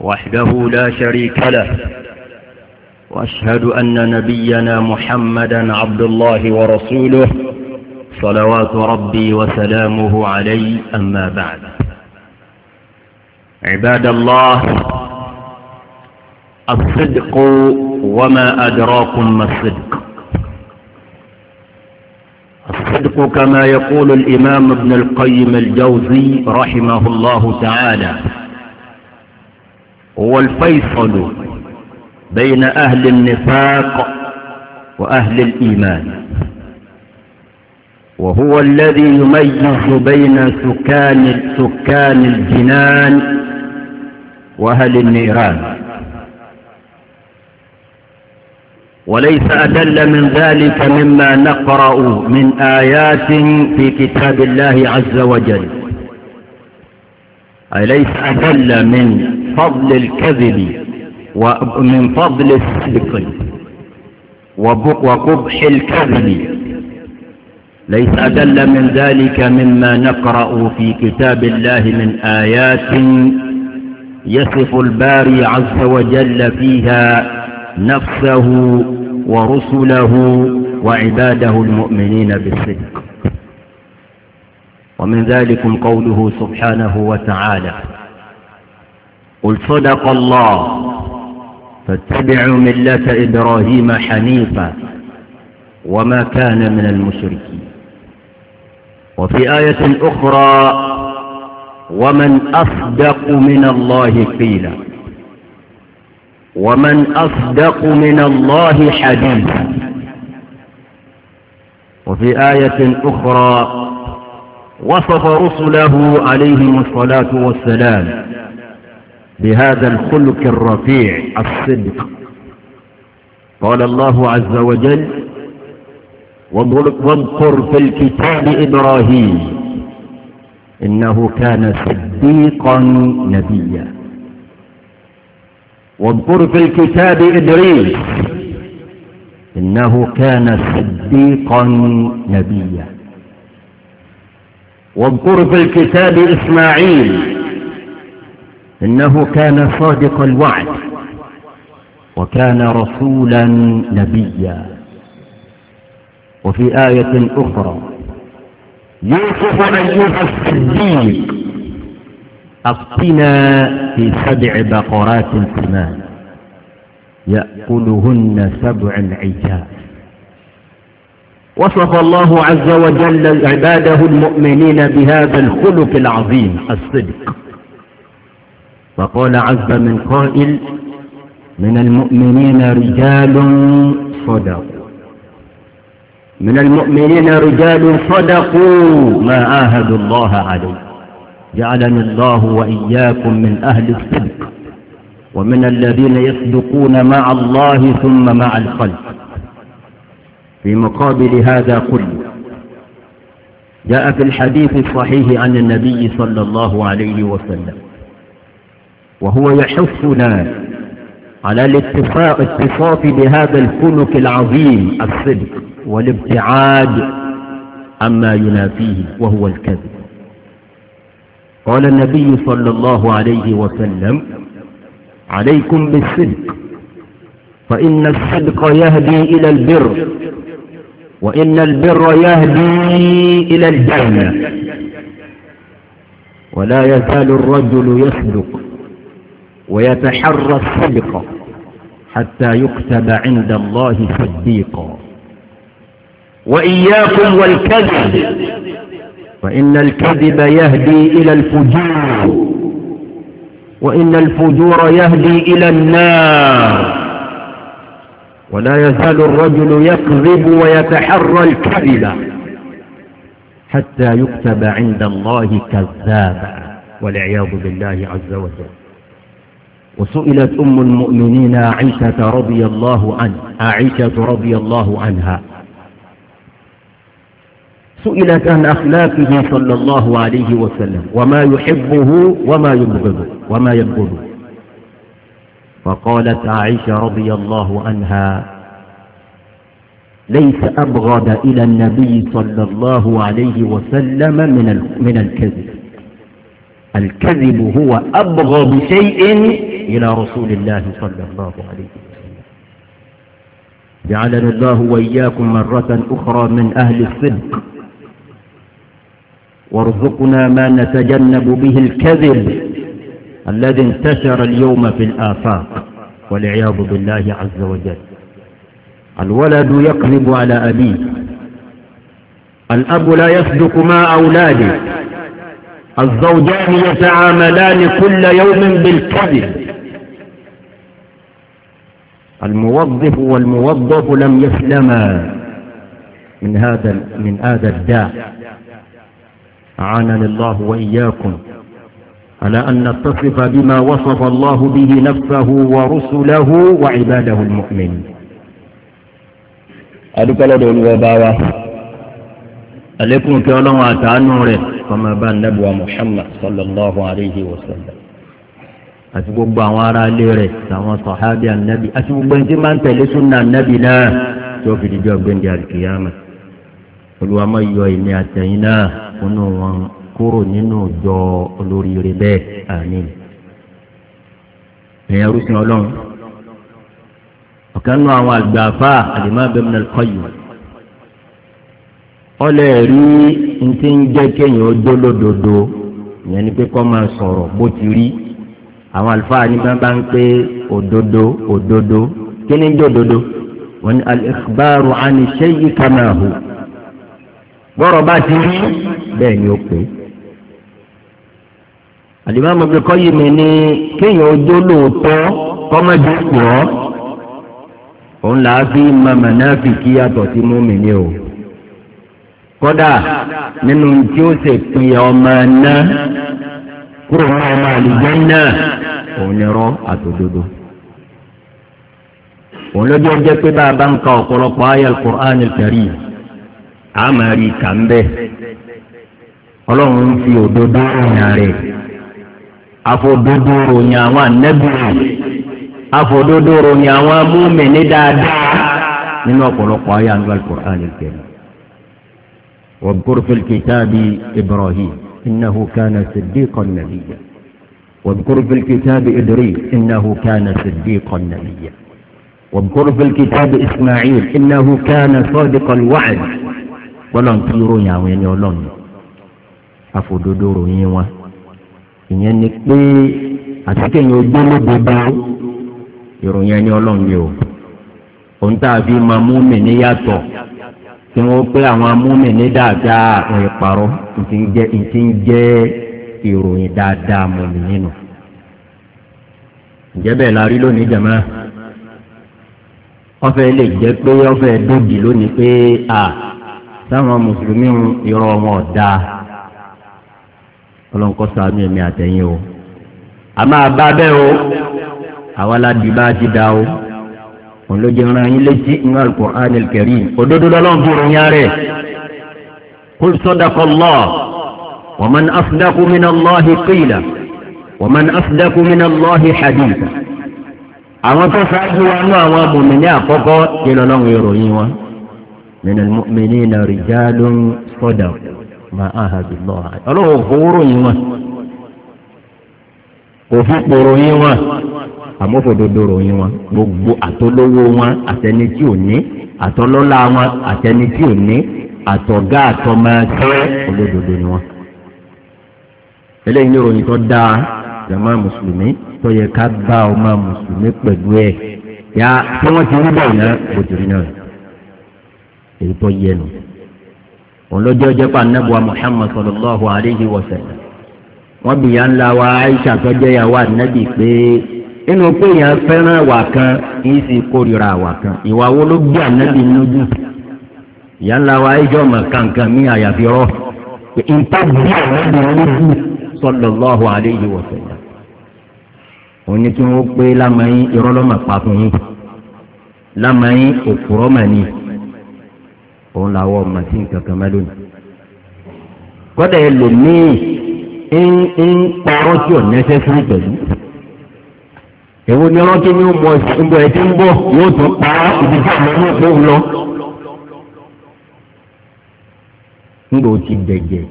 وحده لا شريك له وأشهد أن نبينا محمدا عبد الله ورسوله صلوات ربي وسلامه عليه أما بعد عباد الله الصدق وما أدراكم ما الصدق الصدق كما يقول الإمام ابن القيم الجوزي رحمه الله تعالى هو الفيصل بين أهل النفاق وأهل الإيمان وهو الذي يميز بين سكان سكان الجنان وأهل النيران وليس أدل من ذلك مما نقرأ من آيات في كتاب الله عز وجل أليس أذل من فضل الكذب ومن فضل الصدق وقبح الكذب ليس أدل من ذلك مما نقرأ في كتاب الله من آيات يصف الباري عز وجل فيها نفسه ورسله وعباده المؤمنين بالصدق ومن ذلكم قوله سبحانه وتعالى قل صدق الله فاتبعوا ملة إبراهيم حنيفا وما كان من المشركين وفي آية أخرى ومن أصدق من الله قيلا ومن أصدق من الله حديثا وفي آية أخرى وصف رسله عليهم الصلاة والسلام بهذا الخلق الرفيع الصدق قال الله عز وجل وانقر في الكتاب إبراهيم إنه كان صديقا نبيا وانقر في الكتاب إدريس إنه كان صديقا نبيا واذكر في الكتاب إسماعيل إنه كان صادق الوعد وكان رسولا نبيا وفي آية أخرى يوسف أيها الصديق أقتنا في سبع بقرات ثمان يأكلهن سبع عجاب وصف الله عز وجل عباده المؤمنين بهذا الخلق العظيم الصدق فقال عز من قائل من المؤمنين رجال صدقوا من المؤمنين رجال صدقوا ما عاهدوا الله عليه جعلني الله وإياكم من أهل الصدق ومن الذين يصدقون مع الله ثم مع الخلق في مقابل هذا كله جاء في الحديث الصحيح عن النبي صلى الله عليه وسلم وهو يحثنا على الاتصاف بهذا الخلق العظيم الصدق والابتعاد عما ينافيه وهو الكذب قال النبي صلى الله عليه وسلم عليكم بالصدق فإن الصدق يهدي إلى البر وإن البر يهدي إلى الجنة ولا يزال الرجل يصدق ويتحرى الصدق حتى يكتب عند الله صديقا وإياكم والكذب فإن الكذب يهدي إلى الفجور وإن الفجور يهدي إلى النار ولا يزال الرجل يكذب ويتحرى الكذب حتى يكتب عند الله كذابا والعياذ بالله عز وجل وسئلت أم المؤمنين عائشة رضي الله عنها عائشة رضي الله عنها سئلت عن أخلاقه صلى الله عليه وسلم وما يحبه وما يبغضه وما يبغضه فقالت عائشة رضي الله عنها ليس أبغض إلى النبي صلى الله عليه وسلم من من الكذب الكذب هو أبغض شيء إلى رسول الله صلى الله عليه وسلم جعلنا الله وإياكم مرة أخرى من أهل الصدق وارزقنا ما نتجنب به الكذب الذي انتشر اليوم في الآفاق والعياذ بالله عز وجل الولد يقلب على أبيه الأب لا يصدق ما أولاده الزوجان يتعاملان كل يوم بالكذب الموظف والموظف لم يسلما من هذا من هذا الداء أعانني الله وإياكم على أن نتصف بما وصف الله به نفسه ورسله وعباده المؤمن أدوك لدو الوباوة عليكم في الله وتعنوره فما بان نبوى محمد صلى الله عليه وسلم أتقوك بعوارا ليره سوى صحابي النبي أتقوك بنت من تلسنا النبي لا توفي لجوك بنت القيامة قلوا ما يوئي مياتينا كنوا kúrò nínú ìjọ olóríire bẹ́ẹ̀ àní. ẹ̀yẹ rúṣin ọlọ́run ọ̀kan nù àwọn àgbààfà Al-Imam Ibn al-Qayyim ọlẹ́ rí ntí ń jẹ́ kéèyàn ọjọ́ lódodo ìyẹn ni pé kọ́ máa sọ̀rọ̀ bó ti rí àwọn àlùfáà ní bá bá ń pé òdodo òdodo kí jẹ́ òdodo wọ́n ní al-ikhbaru an shay'i kama hu bọ́rọ̀ bá ti rí bẹ́ẹ̀ ni ó pè é àdìmọ́ mọ̀gbẹ́ kọ́ yìí mi ní kéèyàn ojó lóòótọ́ kọ́mọ́dé pọ̀ òun là á fi màmá náà fi kí yàtọ̀ sí mú mi ní o kódà nínú tí ó sì pin ọmọ náà kúrò ní ọmọ àlùjẹ́ náà òun ni rọ́ àtòdodo òun lójú ọjọ́ pé bá a bá ń ka ọ̀pọ̀lọpọ̀ ayé alukur'an al-karim kà ń bẹ́ẹ̀ ọlọ́run fi òdodo rìn àrẹ̀. afododo ni ròyìn àwọn ànábì ni ròyìn múmi ní múmìnì dáadáa nínú ọ̀pọ̀lọpọ̀ ayé àgbà al-Qur'an al-Karim wabkur fil kitabi Ibrahim innahu kana siddiqan nabiyya wabkur fil kitabi Idris innahu kana siddiqan nabiyya wabkur fil kitabi Isma'il innahu kana sadiqal wa'd bọ́lá ń tí ròyìn àwọn ẹni ọlọ́run àfòdodo yín wọn. ìyẹn ni pé àtikẹ́yìn ojú olódodo ìròyìn ẹni ọlọ́run ni o òun tá a fi máa mú mi níyàtọ̀ tí wọ́n pé àwọn amúmi ní dáadáa òun ìparọ́ ìtì ń jẹ́ ń jẹ́ ìròyìn dáadáa mọ̀ mí nínú. ǹjẹ́ bẹ́ẹ̀ la rí lónìí ọlọ́nkọ́ sàánú ẹ̀mí àtẹ̀yìn o a máa bá bẹ́ẹ̀ o àwa la dì bá a ti da o òun ló jẹ́ ran yín létí inú al-Qur'an al-Karim òdodo lọ́lọ́run fún òun yára ẹ̀ qul sadaqa Allah wa man asdaqu min Allahi qila wa man asdaqu min Allahi haditha àwọn tó ṣáájú wa nú àwọn mòmìnì àkọ́kọ́ ìlọ́lọ́run ìròyìn wọn min al-mu'minina rijalun sadaqu máa ahàdùn lọ́wọ́ ọlọ́run òfòwúrò yín wọn òfin kporo yín wọn àmọ́fòdodo ròyìn wọn gbogbo àtọlówó wọn àtẹni tí ò ní àtọlọ́lá wọn àtẹni tí ò ní àtọ̀gá àtọmọẹsẹ olódodo ni wọn. eléyìí ní ròyìn tó dáa jama mùsùlùmí tó yẹ ká bá ọmọ mùsùlùmí pẹ̀lú ẹ̀ yá tí wọ́n ti rí bẹ́ẹ̀ náà kò jù rí náà èyí tó yẹ nù òun ló jẹ́ ọjọ́ pa anábùwà Muhammad sallallahu alayhi wa sallam wọ́n bìyà ńlá wa Aisha tó jẹ́ ìyàwó anábì pé inú pé èèyàn fẹ́ràn àwà kan kì í sì kórìíra àwà kan ìwà wo ló gbé anábì lójú ìyà ńlá wa Aisha ọmọ kankan mi àyàfi rọ pé nta bí anábì lójú sallallahu alayhi wa sallam òun ni kí wọ́n pé lámàáyín irọ́ lọ́mọ pa fún yín lámàáyín òkúrọ́mọ ni òun làwọn ọmọ sí nǹkan kan mẹ́lò ní. kọ́dà ẹlòmíì ń ń parọ́ tí ò fún pẹ̀lú. èwo ni ọlọ́tí ní mọ ìbò ẹ̀ tí ń bọ̀ yóò tún pa ibi tí àwọn ọmọ ìbò ń lọ. ńgbò ti dẹ̀jẹ̀.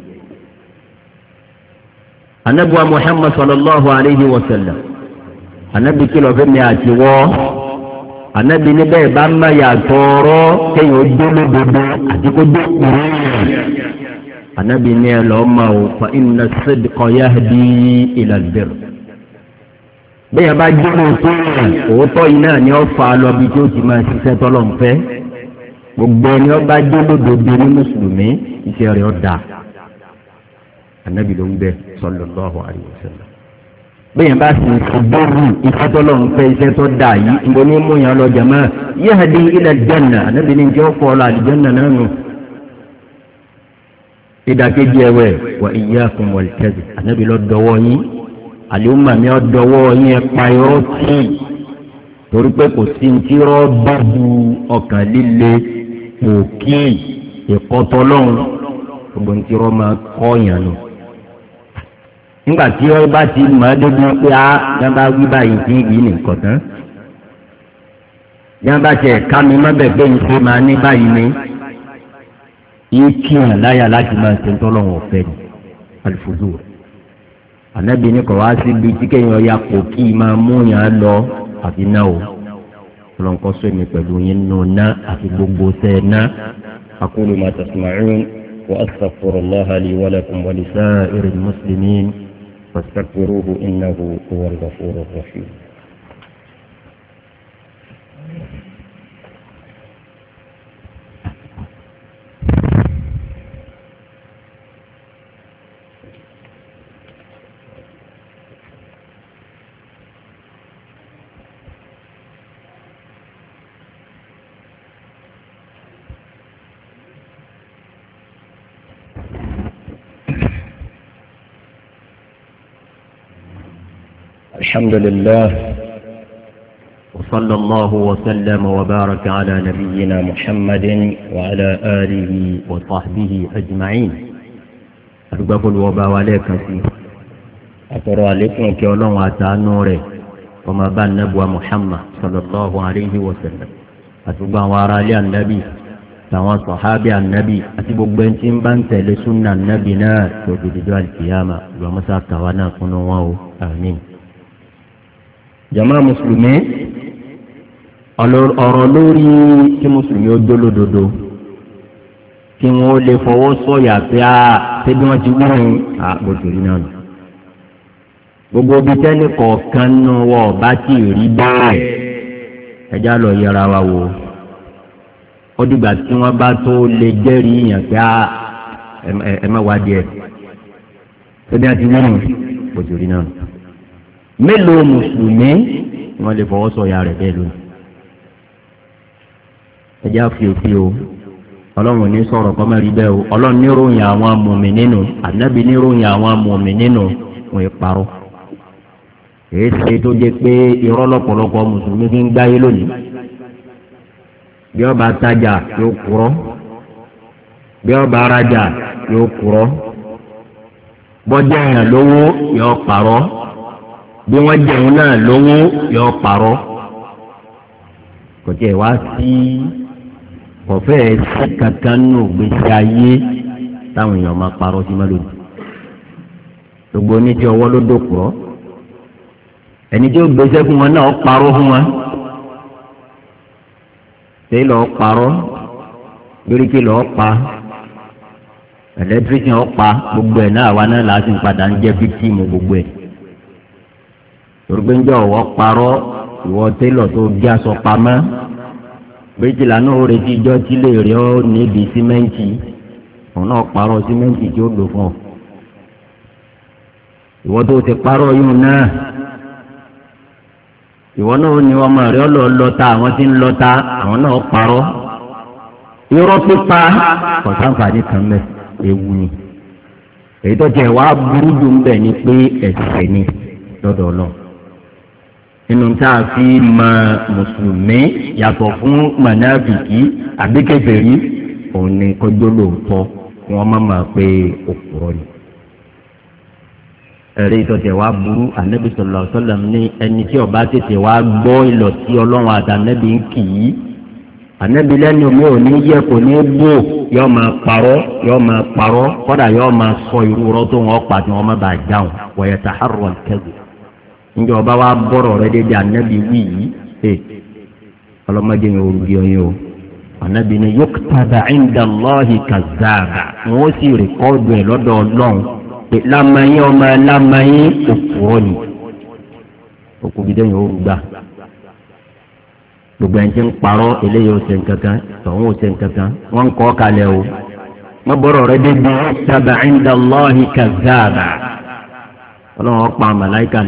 anabuwa muhammad sallallahu alayhi wa sallam anabi kìlọ̀ fún mi àti wọ́ ànábi níbẹ̀ bá má yàtọ̀ ọ̀rọ̀ kéèyàn dé lódodo àti kó dé kúrò yẹn ànábi ní ẹ lọ́ọ́ máa wò fa inna as-sidqa yahdi ila al-birr bẹ́ẹ̀ bá dé lóòótọ́ yẹn òótọ́ yìí náà ni ó fa lọ bí tí ti máa ṣiṣẹ́ tọ́lọ̀ ń gbogbo ẹni ó bá dé lódodo ní mùsùlùmí iṣẹ́ rẹ̀ ó dáa ànábi ló ń bẹ sallallahu alaihi wasallam bẹ́ẹ̀ bá sì ṣùgbọ́rù ìfọ́tọ́lọ́ ń fẹ́ iṣẹ́ tó dà yìí ń bọ́ní mú yàn lọ jẹ̀mọ́ yahdi ila janna níbi ní jẹ́ ọ̀pọ̀ ọ̀la àlùjànnà náà nù. ìdàkejì ẹ̀wẹ̀ wa iyyakum wal kadhib ànábì lọ dọwọ́ yín àlùmọ̀ mi ọ dọwọ́ yín ẹ pa irọ́ tì torí pé kò sí ní tí rọ́ bá bu ọkàn líle òkè ìkọ́tọ́lọ́run gbogbo ní tí rọ́ máa kọ́ yàn nù nígbà tí ó bá ti mọ̀ ẹ́ débi pé á yẹn bá wí báyìí tí yìí nìkan tán yẹn bá tiẹ̀ ká mi má bẹ̀ pé ìṣe máa ní báyìí ni yìí kí hàn láyà láti máa ṣe tọ́lọ́wọ̀n ọ̀fẹ́ ni alifudu anabi ni kò wá síbi tí kéèyàn ya kò kí máa mú yàn lọ àfi náà o ọlọ́nkọ́ sọ èmi pẹ̀lú yín nù ná àfi gbogbo sẹ́ ẹ ná akulu ma wa astaghfirullah li wa lakum wa lisa'iril muslimin. فاستغفروه إنه هو الغفور الرحيم الحمد لله وصلى الله وسلم وبارك على نبينا محمد وعلى آله وصحبه أجمعين أرجوك الوباء عليك أترى عليكم كيولون وأتانوري وما بان نبوى محمد صلى الله عليه وسلم أتبع وراء النبي سواء صحابي النبي àti gbogbo بنت لسنة النبي نار ń tẹ̀lé súnà ومسار náà tó امين jama mùsùlùmí ọ̀rọ̀ lórí kí mùsùlùmí ó dólódodo kí wọn ó lè fọwọ́ sọ̀yà pé a ṣé bí wọ́n ti wúrin a rí náà gbogbo bíi tẹ́lẹ̀ kọ̀ọ̀kan nù ọba tí rí bẹ́ẹ̀ yara lọ yẹra wa tí wọ́n bá tó lè jẹ́rìí yàn pé a ẹ má wá bí ti mélòó mùsùlùmí wọn lè fọwọ́ sọ ìyá rẹ̀ bẹ́ẹ̀ lónìí. ẹjẹ́ àfihàn o ọlọ́run ní sọ̀rọ̀ kọ́ mẹ́rin bẹ́ẹ̀ o ọlọ́run ní ròyìn àwọn amòmí nínú ànábì ní ròyìn àwọn amòmí nínú wọn è parọ́. èyí ṣe tó jẹ́ pé irọ́ lọ́pọ̀lọpọ̀ mùsùlùmí fi ń gbáyé lónìí. bí ọba tajà yóò kúrọ́ bí ọba arajà yóò kúrọ́ bọ́jà ìrànlọ́wọ́ yóò parọ́ bí wọ́n jẹun náà lówó yọ parọ́ kò tiẹ̀ wá sí kọ̀fẹ́ sí kankan nù gbèsè ayé táwọn èèyàn máa parọ́ sí má lónìí gbogbo oníjẹ ọwọ́ ló dòkúrọ́ ẹni tí ó gbèsè fún wọn náà parọ́ fún wọn tẹ́ lọ́ọ́ parọ́ gbèríkì lọ́ọ́ pa ẹ̀lẹ́tírísìn ọ̀pá gbogbo ẹ̀ náà wà náà láti padà ń jẹ́ fíkìmù gbogbo ẹ̀ torúgbẹ́njọ́ ọ̀wọ́ parọ́ ìwọ télọ̀ tó gbé aṣọ pamọ́ méjìlá náà ó retí ijọ́ tí lè rí ọ níbi símẹ́ǹtì òun náà parọ́ símẹ́ǹtì tí ó lò fún ọ. ìwọ tó ti parọ́ yóò náà ìwọ náà ní ọmọ rẹ ọ lọ lọta àwọn tí ń lọta àwọn náà parọ́ irọ́ pípa kọ̀sánfààní kan mẹ́ ewu ni èyí tó jẹ́ wàá burú dùn bẹ́ẹ̀ ni pé ẹ̀ṣẹ̀ ni lọ́dọ̀ ọlọ́run inú tá a fi mọ mùsùlùmí yàtọ̀ fún mọ̀nàbìkì àbíkẹ́fẹ̀rí òun ni kọjọ́ lóòótọ́ wọn má máa pe òpùrọ̀ ni. ẹ̀rí ìtọ̀tẹ̀ wa burú ànábì sọ̀lọ̀ sọ̀lọ̀ ní ẹni tí ọba tètè wa gbọ́ ìlọ̀ tí ọlọ́run àtànábì ń kì í ànábì lẹ́nu mi ò ní yẹ kò ní bò yọ máa parọ́ yọ máa parọ́ kọ́dà yọ máa sọ irú rọ́ tó wọn pa tí má bàa dáhùn wọ̀yẹ̀tà àrùn kẹ́gùn njẹ́ ọba wa bọ̀rọ̀ rẹ débi anabi wí yìí ee ọlọ́mọdé yẹn orúkọ yẹn o anabi ni yóò tada ẹ̀ńdà lọ́ọ̀hì kàzáàbà wọ́n sì rìkọ́ọ̀dù ẹ̀ lọ́dọ̀ ọlọ́run pé lamẹ́yìn ọmọ lamẹ́yìn òkúrọ́ ni òkúgidé yẹn orúkọ gbà gbogbo ẹni tí ń parọ́ eléyìí ó ṣe nǹkankan tọ̀hún ó ṣe nǹkankan wọ́n ń kọ́ o wọ́n bọ̀rọ̀ rẹ débi yóò tada ẹ̀ńdà lọ́ọ̀hì kàzáàbà. ọlọ́run pa màláìka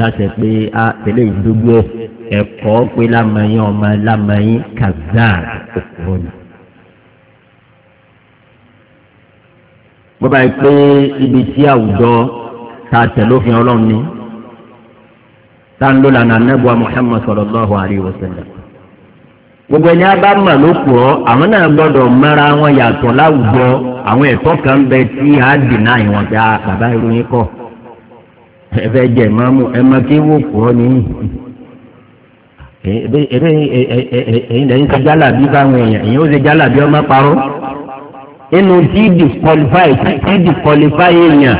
láṣẹ pé a tẹ̀lé ìdúgbò ẹ̀kọ́ pé lámàyín ọmọ lámàyín kàgbà òkúrò ni. bọ́bá yìí pé ibi tí àwùjọ ta tẹ̀lófin ọlọ́run ni tá ń lò lànà anábùwà muhammad sallallahu gbogbo ẹni a bá mà ló pọ̀ àwọn náà gbọ́dọ̀ mẹ́ra wọn yàtọ̀ láwùjọ àwọn ẹ̀tọ́ kan bẹ tí a dì náà ẹ̀fẹ́ jẹ́ ìmáàmù ẹ máa ké wò kúrọ́ ní èrè ẹ̀yìn lẹ́yìn ṣe jálàbí báwọn èèyàn èèyàn ó ṣe jálàbí ọmọ parọ́ inú tí disqualify tí disqualify èèyàn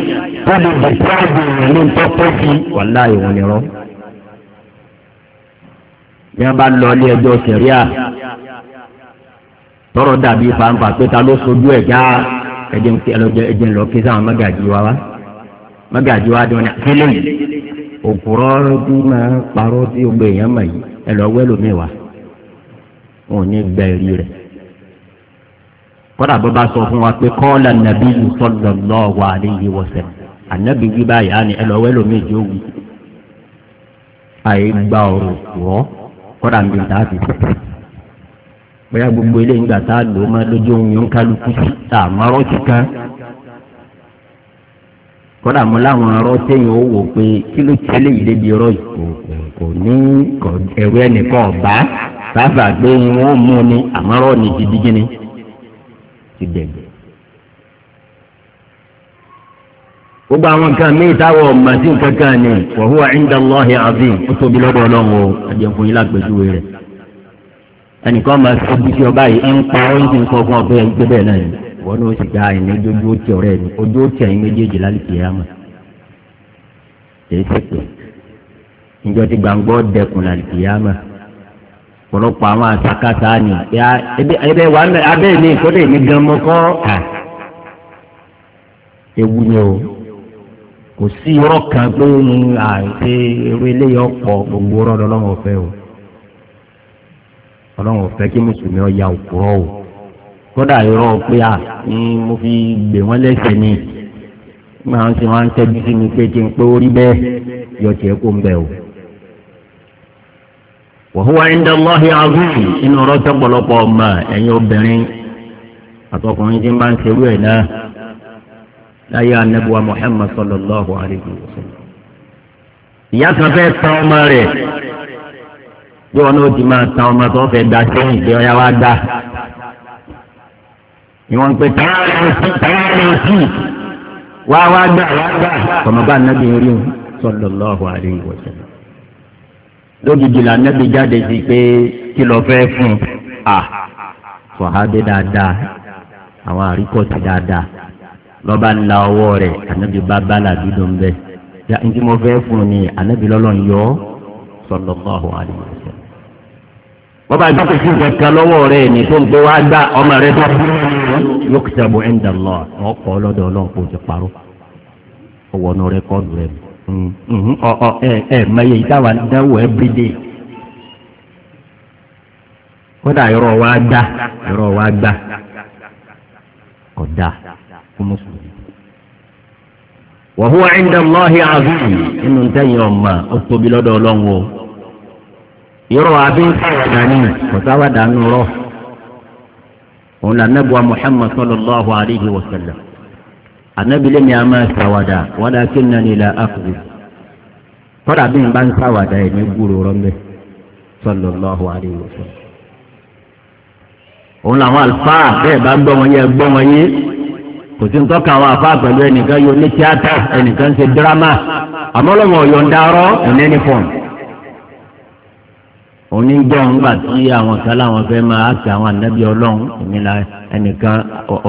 tó lè describe èèyàn ló ń tọ́pọ̀ sí wàhálà ìwọ̀n nìrọ̀ bí wọ́n bá lọ ilé ẹjọ́ sẹ̀ríà tọrọ dàbí fanfa pé ta ló sojú ẹ̀ já ẹ̀jẹ̀ ńlọ kí sáwọn mẹ́gàjì wa wá mọ́gàjì wa dùn ní kílẹ̀ yìí òkúrọ́ bí máa parọ́ tí o gbé èèyàn mọ̀ yìí ẹ lọ wẹ́ lómi wa wọn ò ní gba èrí rẹ̀ kọ́dà bó bá sọ fún wa pé kọ́ọ̀lá nàbí yìí sọ̀dọ̀ lọ́wọ́ àléyé wọ̀sẹ̀ ànábì wí báyìí á ní ẹ lọ wẹ́ lómi ìjọ wù àyè gba ọ̀rọ̀ òkúrọ́ kọ́dà ń bí dáàbì bóyá gbogbo eléyìí gbà tá a lò ó má lójú ohun yóò tá a márọ́ kíkan kọ́dà mo láwọn ọ̀rọ̀ sẹ́yìn ó wò pé kí ló tẹ́lẹ̀ yìí débi ọ̀rọ̀ yìí kò ní ẹ̀rú ẹnìkan ọ̀bá sábà gbé wọn mú ni àmọ́rọ́ ni gidigidi ni ti dẹ̀gbẹ̀. gbogbo àwọn nǹkan míì táwọn ọmọ sí nǹkan kan ni wa huwa inda Allahi azim ó tóbi lọ́dọ̀ ọlọ́run o àjẹkùn yìí lágbèjúwe rẹ̀ ẹnìkan máa sọ bí ọba yìí ń pa ó ń ti ń sọ ẹgbẹ́ bẹ́ẹ̀ náà yìí wọn ló sì gba àìní ojú ó tẹ ọ̀rẹ́ mi ojú ó tẹ ẹ̀yin méjèèjì lálùkì yá mà èyí sì pé níjọ tí gbàngbọ́ dẹkùn lálùkì yá mà àwọn àsakátá ni ẹbẹ wà mẹ abẹ mi kọdẹ mi gan mọ kọ à ewu ni o kò sí irọ́ kan pé à ṣe eré eléyìí ọ̀pọ̀ gbogbo ọ̀rọ̀ lọ́wọ́ fẹ́ o ọlọ́run ọ̀fẹ́ kí mùsùlùmí ọ̀ya òkúrọ̀ o. kódà irọ́ pé a ni mo fi gbè wọ́n lẹ́sẹ̀ ni máa ń mi pé n pé bẹ́ẹ̀ yọ tiẹ̀ kó ń bẹ̀ o. وهو عند الله عظيم inú ọ̀rọ̀ tọ́pọ̀lọpọ̀ ọmọ ẹ̀yin obìnrin àtọkùnrin tí ń bá ń ṣerú ẹ̀ náà láyé sallallahu alayhi wa sallam. ìyá kan fẹ́ ta ọmọ rẹ̀ bí wọn náà ti máa ta ni wọ́n ń pè tààrà sí wa o wa sallam. lójijì là nàbí jáde sí pé kí lọ fẹ́ fún un à fọ̀hábẹ́ dáadáa àwọn àríkọ̀tà dáadáa lọ́ba ńlá ọwọ́ rẹ̀ ànábi bá bálà dídùn ya ntí mo fẹ́ fún un ni ànábi lọ́lọ́n yọ lọ́wọ́ rẹ̀ yókùtàbù ẹ̀ńdà lọ wọn kọ́ lọ́dọ̀ ọlọ́run kò ti parọ́ ọwọ́ náà rẹ́kọ́ọ̀dù rẹ̀ mm, mm, mm. ẹ mẹyẹ ìdáwà dáwọ̀ everyday kódà yọrọ wa gbà yọrọ wa gbà kódà fún mùsùlùmí. wàhùwà ẹ̀ńdà lọ́hìn àzùm inú ntẹ̀yìn ọ̀ma ó tóbi lọ́dọ̀ ọlọ́run o yọrọ wa ń sáwàdà nínú kò sáwàdà rọ̀ òun là nàbùwà muhammad sallallahu alayhi wa sallam anabi lẹ́mi a máa ṣàwàdà walakinnani la akdhib kọ́dà bí n bá ń ṣàwàdà ẹ̀ ní gbúrò rọ́mbẹ́ sallallahu alayhi wa sallam. òun làwọn àlùfáà bẹ́ẹ̀ bá gbọ́ wọn yẹ gbọ́ wọn yé kò sí nǹkan kan àwọn àfáà pẹ̀lú ẹnìkan yóò ní tíátà ẹnìkan ṣe dírámà àmọ́ lọ́wọ́ ọ̀yọ̀ǹda ọ̀rọ̀ ẹ̀nẹ́ni fọ́ọ̀mù onígbọ̀n gbà tí àwọn kan láwọn fẹ́ máa àti àwọn ànábì ọlọ́run èmi la ẹnìkan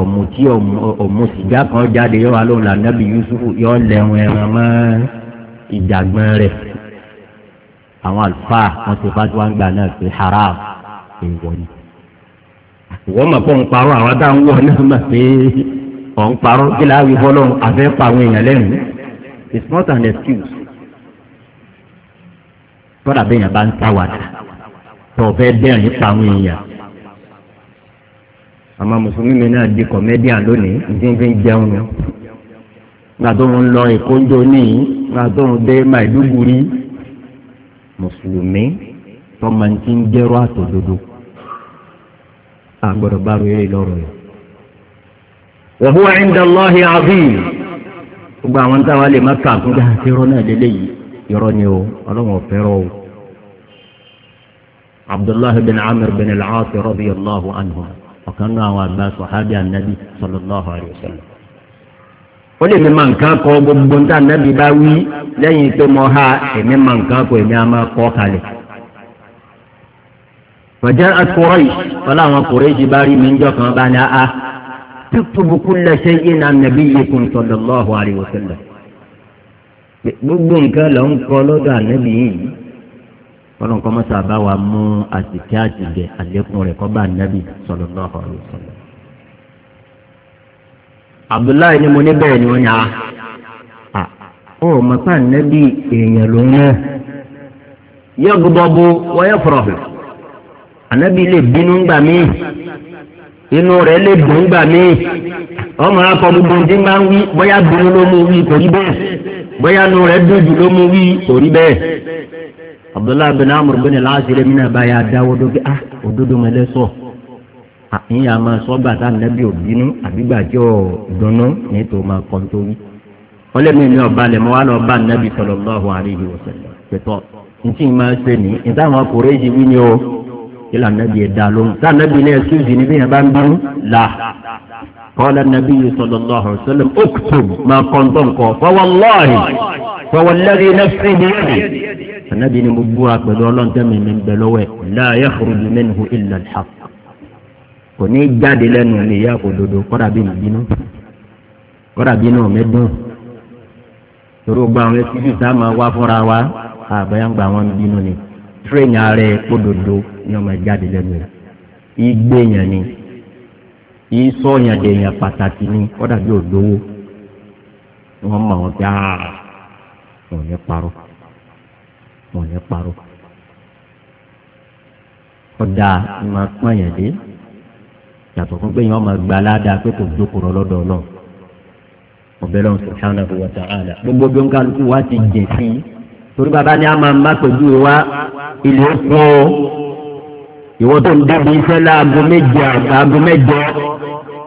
ọ̀mù tí ọ̀mù sìgá kan jáde yọ wà lóhùn ànábì yusufu yọ lẹ́hùn ẹran mọ́ ìjàgbọ́n rẹ̀ àwọn àlùfáà wọn ti fásitì wọn gbà náà sí haram èèwọ̀ ni. wọ́n mọ̀ pé òun parọ́ àwọn táwọn wọ̀ náà mọ̀ pé òun parọ́ kí láàwí fọlọ́run àfẹ́ pa àwọn èèyàn lẹ́nu it's not an excuse. tọ́lá bẹ́ẹ̀ yẹn bá ń sáwàdà. tó fẹ́ bẹ́ẹ̀ nípa àwọn èèyàn. àmọ́ mùsùlùmí mi náà di kọ̀mẹ́díà lónìí ìdí fi ń jẹun nù. nígbà tó ń lọ èkó ńjọ níyì nígbà tó ń dé Maiduguri mùsùlùmí tó máa ń ti ń jẹ́rọ àtòdodo. àgbọ̀dọ̀ bá ro eré lọ́rọ̀ gbogbo àwọn táwa lè má kà fún náà عبد الله بن عمر بن العاص رضي الله عنه وكان وابا صحابي النبي صلى الله عليه وسلم ولي من من كان قوب بنت النبي باوي لن يتموها من من كان قوب نعم قوكالي فجاءت قريش فلا ما قريش باري من جوك مبانا تكتب كل شيء عن نبيكم صلى الله عليه وسلم بقبون كان لهم قولوا النبي kọ́nà kọ́ mọ́tà bá wa mú àtìkẹ́ àtìgẹ́ àlékún rẹ̀ kọ́ bá nàbì sallallahu alaihi wasallam. abdullahi ni mo ní bẹ́ẹ̀ ni wọ́n yà á. Ah, ah, ó mọ̀ pa èèyàn ló ń rẹ̀. yaghdabu wa ànábì lè bínú gbà mí. inú rẹ̀ lè dùn gbà mí. ọmọ akọ gbogbo ndí máa ń wí bóyá bínú ló mú wí kò rí bẹ́ẹ̀. bóyá rẹ̀ dùn abdullahi bin amur bin al-asiri mi náà báyà dáwọ́ dókè ah òdodo mẹ́lẹ́ ah, sọ àyìn àmọ́ sọ́gbà tá nàbí òbínú àbígbàjọ́ dùnú ní tó máa kọ́ nítorí ọlẹ́mi ní ọba lẹ̀ mọ́ wá lọ bá nàbí sallallahu alaihi wa sallam pẹ̀tọ́ ntí máa ṣe ní ìtàwọn ọkùnrin yìí wí ni o ìlà nàbí ẹ̀dá lóhùn tá nàbí ní ẹ̀sùn ìdí níbi yẹn bá ń bínú قال النبي صلى الله عليه وسلم اكتب ما قنطنك فوالله فوالذي نفسي بيده anabi ni mo búra pẹ̀lú ọlọ́ntẹ́mi mi bẹ lọ́wọ́ ẹ̀ la yakhruju minhu illa al-haqq kò ní jáde lẹ́nu mi ìyá òdodo kọ́dà bí mi bínú kọ́dà bínú mi dùn torí o gba àwọn ẹsíjú tá a máa wá fúnra wa àbáyá ń gba àwọn bínú ni tírénì ara ẹ kódodo ọmọ ẹ jáde lẹ́nu igbe yẹn ni ìsọyàn dèèyàn pàtàkì ni kọ́dà bí òdowó wọ́n mọ̀ wọ́n pé àà wọ́n parọ́ wọn ní parọ́ ọ̀dà máa pọ́n yẹn dé yàtọ̀ fún pé yẹn wọ́n máa gba aládàá pé kò dókòrò lọ́dọ̀ náà ọ̀bẹ lọ́wọ́ subhanahu wa ta'ala gbogbo bí nǹkan kú wá ti jẹ sí i torí bàbá ni a máa má pẹ̀lú wa ilé kọ́ ọ tó ń débi iṣẹ́ láago méje àgbà aago mẹ́jọ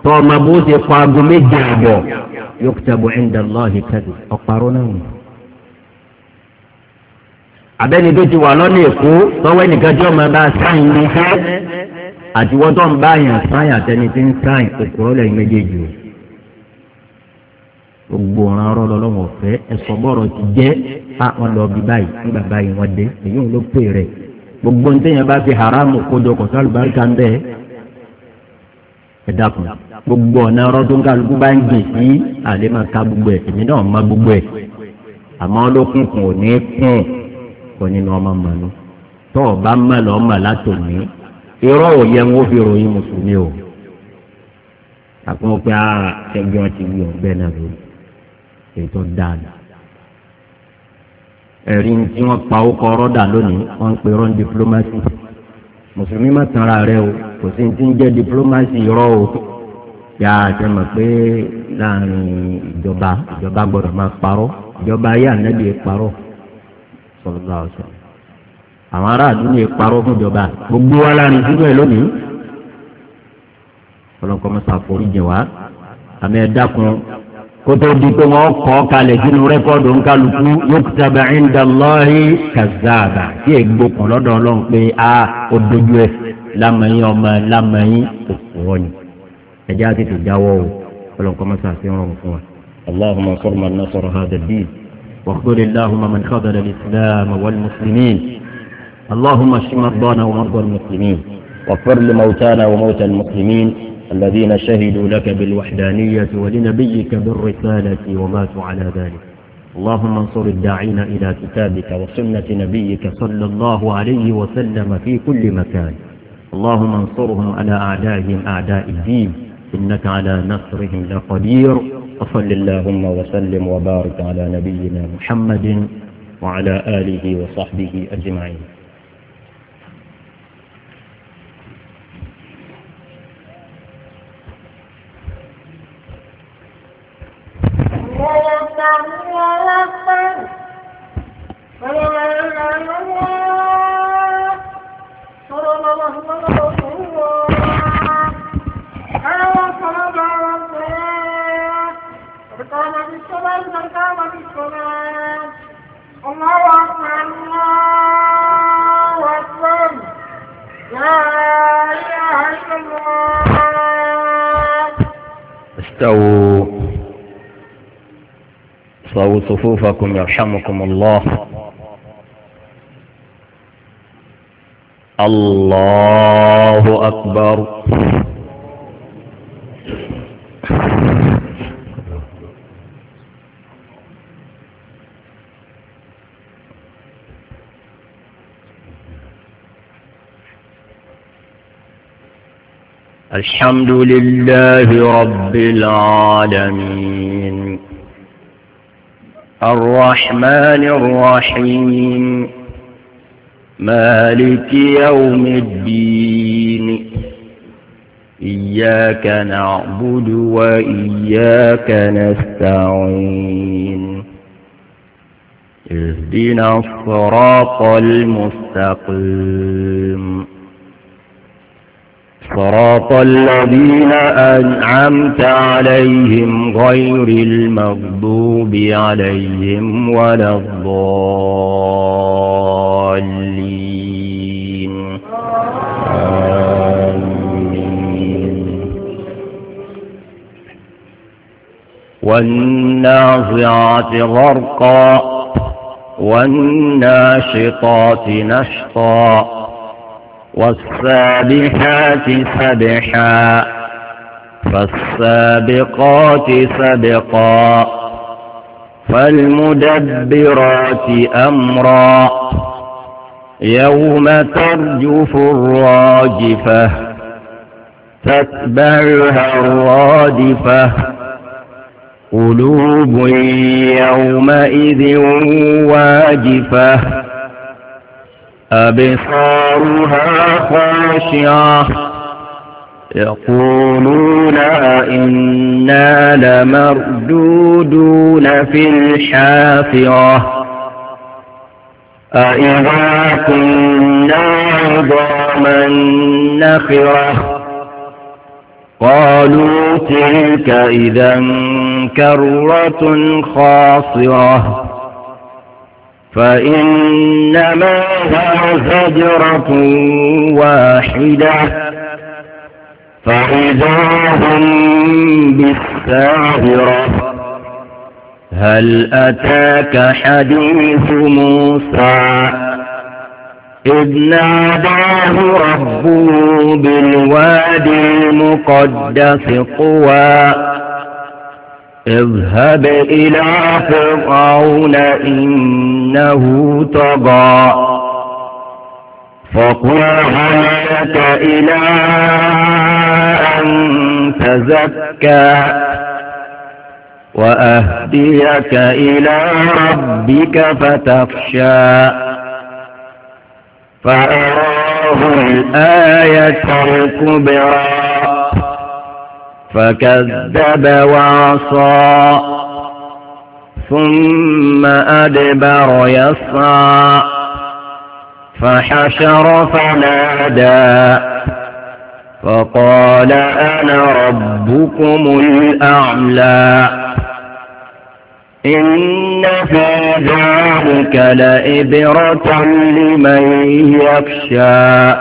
tó ọmọ bó ṣe kọ aago méje àbọ̀ yóò kúta bọ̀ ẹ̀ ń dà lọ́ọ̀hìn kẹ́dù ọ̀parọ́ náà nù abẹ́ni tó ti wà lọ́nà èkó tọ́wọ́ ẹnìkan tí ọmọ bá sáyìn ní fẹ́ àti wọ́n tó ń bá yàn sáyìn àtẹni tí ń sáyìn òkúrọ́ lẹ́yìn méjèèjì o gbogbo ọ̀ràn ọ̀rọ̀ lọ́wọ́ ọ̀fẹ́ ẹ̀sọ́ bọ̀rọ̀ ti jẹ́ a wọn lọ bí báyìí nígbà báyìí wọn dé èyí ló pè rẹ̀ gbogbo ní tẹ́yìn bá fi haramu kodo kò sálùbáríkà ń bẹ́ẹ̀ ẹ dákun gbogbo ọ̀nà ọ̀rọ̀ tó ń kálukú bá ń gbè sí àlẹ́ máa ka gbogbo ẹ̀ èmi náà má gbogbo ẹ̀ àmọ́ ọlọ́kùnkùn ò ní kùn ọ̀pọ̀ nínú ọmọ mọ̀nú tó o bá mọ̀ lọ́ mọ̀ látòmí irọ́ ò yẹ wọ́n fi ròyìn mùsùlùmí o àpọn pé ara ẹgbẹ́ ti wí ọ̀gbẹ́ náà lórí ètò dáadáa ẹ̀rí tí wọ́n pa ó kọ́ rọ́dà lónìí wọ́n ń pe rọ́n diplomacy mùsùlùmí má tanra rẹ o kò sí ti ń jẹ́ diplomacy rọ́ o yà á ti mọ̀ pé láàrin ìjọba ìjọba gbọ́dọ̀ máa parọ́ ìjọba ayé ànábìyẹ parọ́ sọlọ́lá ọ̀sẹ̀. àwọn aráàlú ní ìparọ́ fún ìjọba gbogbo wa láàrin síbẹ̀ ẹ̀ lónìí. ọlọ́kọ́ mọ́sá forí jẹ wá àmì ẹ̀dá kan kó tó di pé wọ́n kọ́ kalẹ̀ sínú rẹ́kọ́ọ̀dù ńkálukú yuktaba inda Allahi kazaba tí ègbó kan lọ́dọ̀ ọlọ́run pé a ó dojú ẹ̀ lámẹ̀yìn ọmọ lámẹ̀yìn òkúrọ̀ ni ẹ̀jẹ̀ á tètè o ọlọ́run mọ́sá sí ọ̀rọ̀ fún wa. اللهم صل على نصر هذا الدين واخذل اللهم من خذل الإسلام والمسلمين اللهم اشف مرضانا ومرضى المسلمين واغفر لموتانا وموتى المسلمين الذين شهدوا لك بالوحدانية ولنبيك بالرسالة وماتوا على ذلك اللهم انصر الداعين إلى كتابك وسنة نبيك صلى الله عليه وسلم في كل مكان اللهم انصرهم على أعدائهم أعداء الدين إنك على نصرهم لقدير وصل اللهم وسلم وبارك على نبينا محمد وعلى آله وصحبه أجمعين صفوفكم يرحمكم الله الله أكبر الحمد لله رب العالمين الرحمن الرحيم مالك يوم الدين إياك نعبد وإياك نستعين اهدنا الصراط المستقيم صراط الذين أنعمت عليهم غير المغضوب عليهم ولا الضالين آمين والناصعات غرقا والناشطات نشطا والسابحات سبحا فالسابقات سبقا فالمدبرات أمرا يوم ترجف الراجفة تتبعها الرادفة قلوب يومئذ واجفه أبصارها خاشعة يقولون إنا لمردودون في الحافرة أإذا كنا عظاما نخرة قالوا تلك إذا كرة خاصرة فإنما هو زجرة واحدة فإذا هم بالساهرة هل أتاك حديث موسى إذ ناداه ربه بالوادي المقدس قوى اذهب إلى فرعون إن أنه طغى فقل هل إلى أن تزكى وأهديك إلى ربك فتخشى فأراه الآية الكبرى فكذب وعصى ثم أدبر يسعى فحشر فنادى فقال أنا ربكم الأعلى إن في ذلك لإبرة لمن يخشى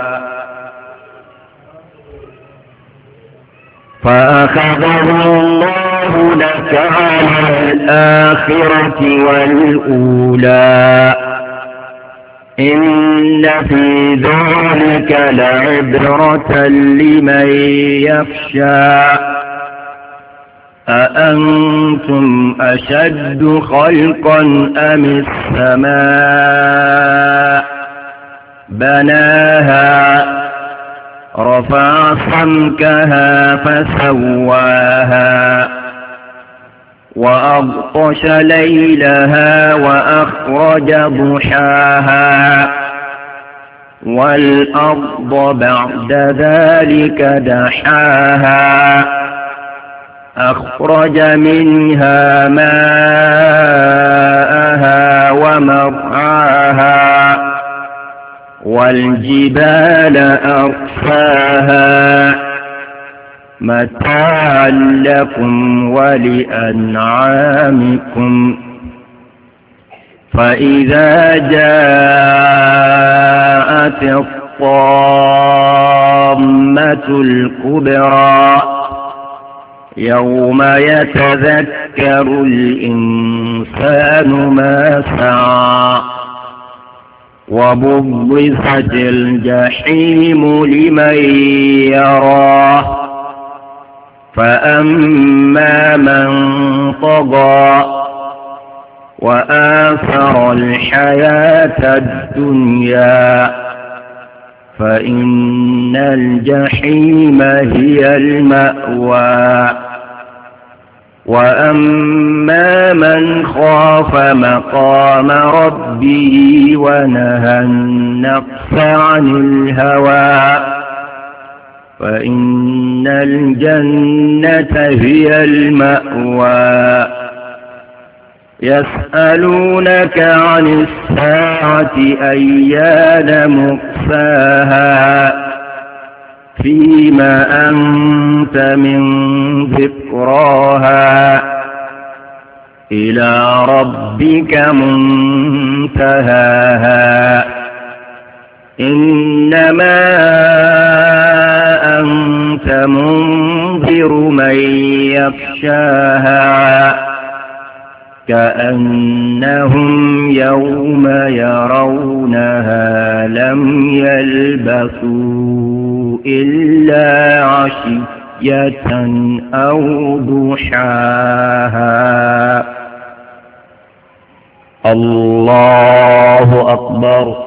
فأخذه الله الله لك على الآخرة والأولى إن في ذلك لعبرة لمن يخشى أأنتم أشد خلقا أم السماء بناها رفع صمكها فسواها وأغطش ليلها وأخرج ضحاها والأرض بعد ذلك دحاها أخرج منها ماءها ومرعاها والجبال أرساها متاعا لكم ولأنعامكم فإذا جاءت الطامة الكبرى يوم يتذكر الإنسان ما سعى وبضصت الجحيم لمن يراه فأما من طغى وآثر الحياة الدنيا فإن الجحيم هي المأوى وأما من خاف مقام ربه ونهى النقص عن الهوى فإن أن الجنة هي المأوى يسألونك عن الساعة أيان مقفاها فيما أنت من ذكراها إلى ربك منتهاها إنما أنت منذر من يخشاها كأنهم يوم يرونها لم يلبثوا إلا عشية أو ضحاها الله أكبر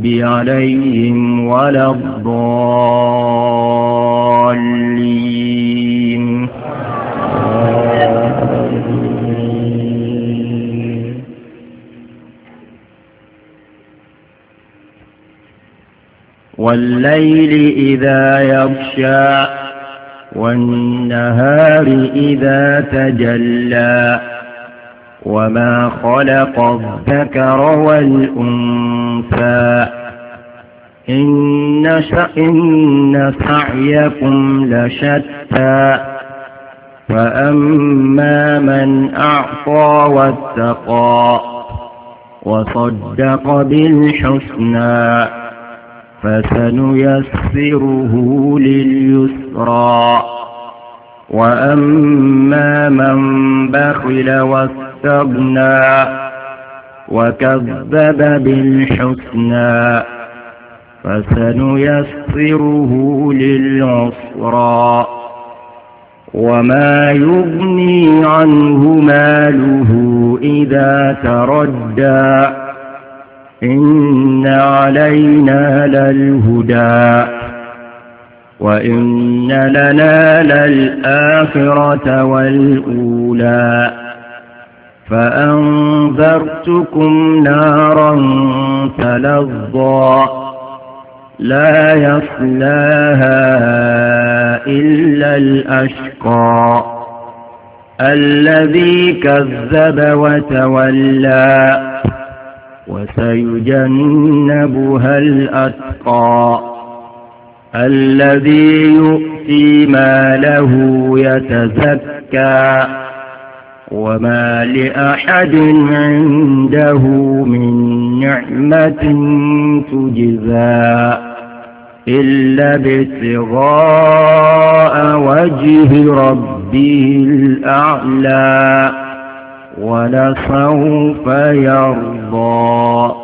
المغضوب عليهم ولا الضالين والليل إذا يغشى والنهار إذا تجلى وما خلق الذكر والأنثى شتى إن, إن سعيكم لشتى فأما من أعطى واتقى وصدق بالحسنى فسنيسره لليسرى وأما من بخل واستغنى وكذب بالحسنى فسنيسره للعسرى وما يغني عنه ماله إذا تردى إن علينا للهدى وإن لنا للآخرة والأولى فأنذرتكم نارا تلظى لا يصلاها إلا الأشقى الذي كذب وتولى وسيجنبها الأتقى الذي يؤتي ماله يتزكى وما لأحد عنده من نعمة تجزى إلا ابتغاء وجه ربه الأعلى ولسوف يرضى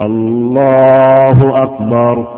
الله أكبر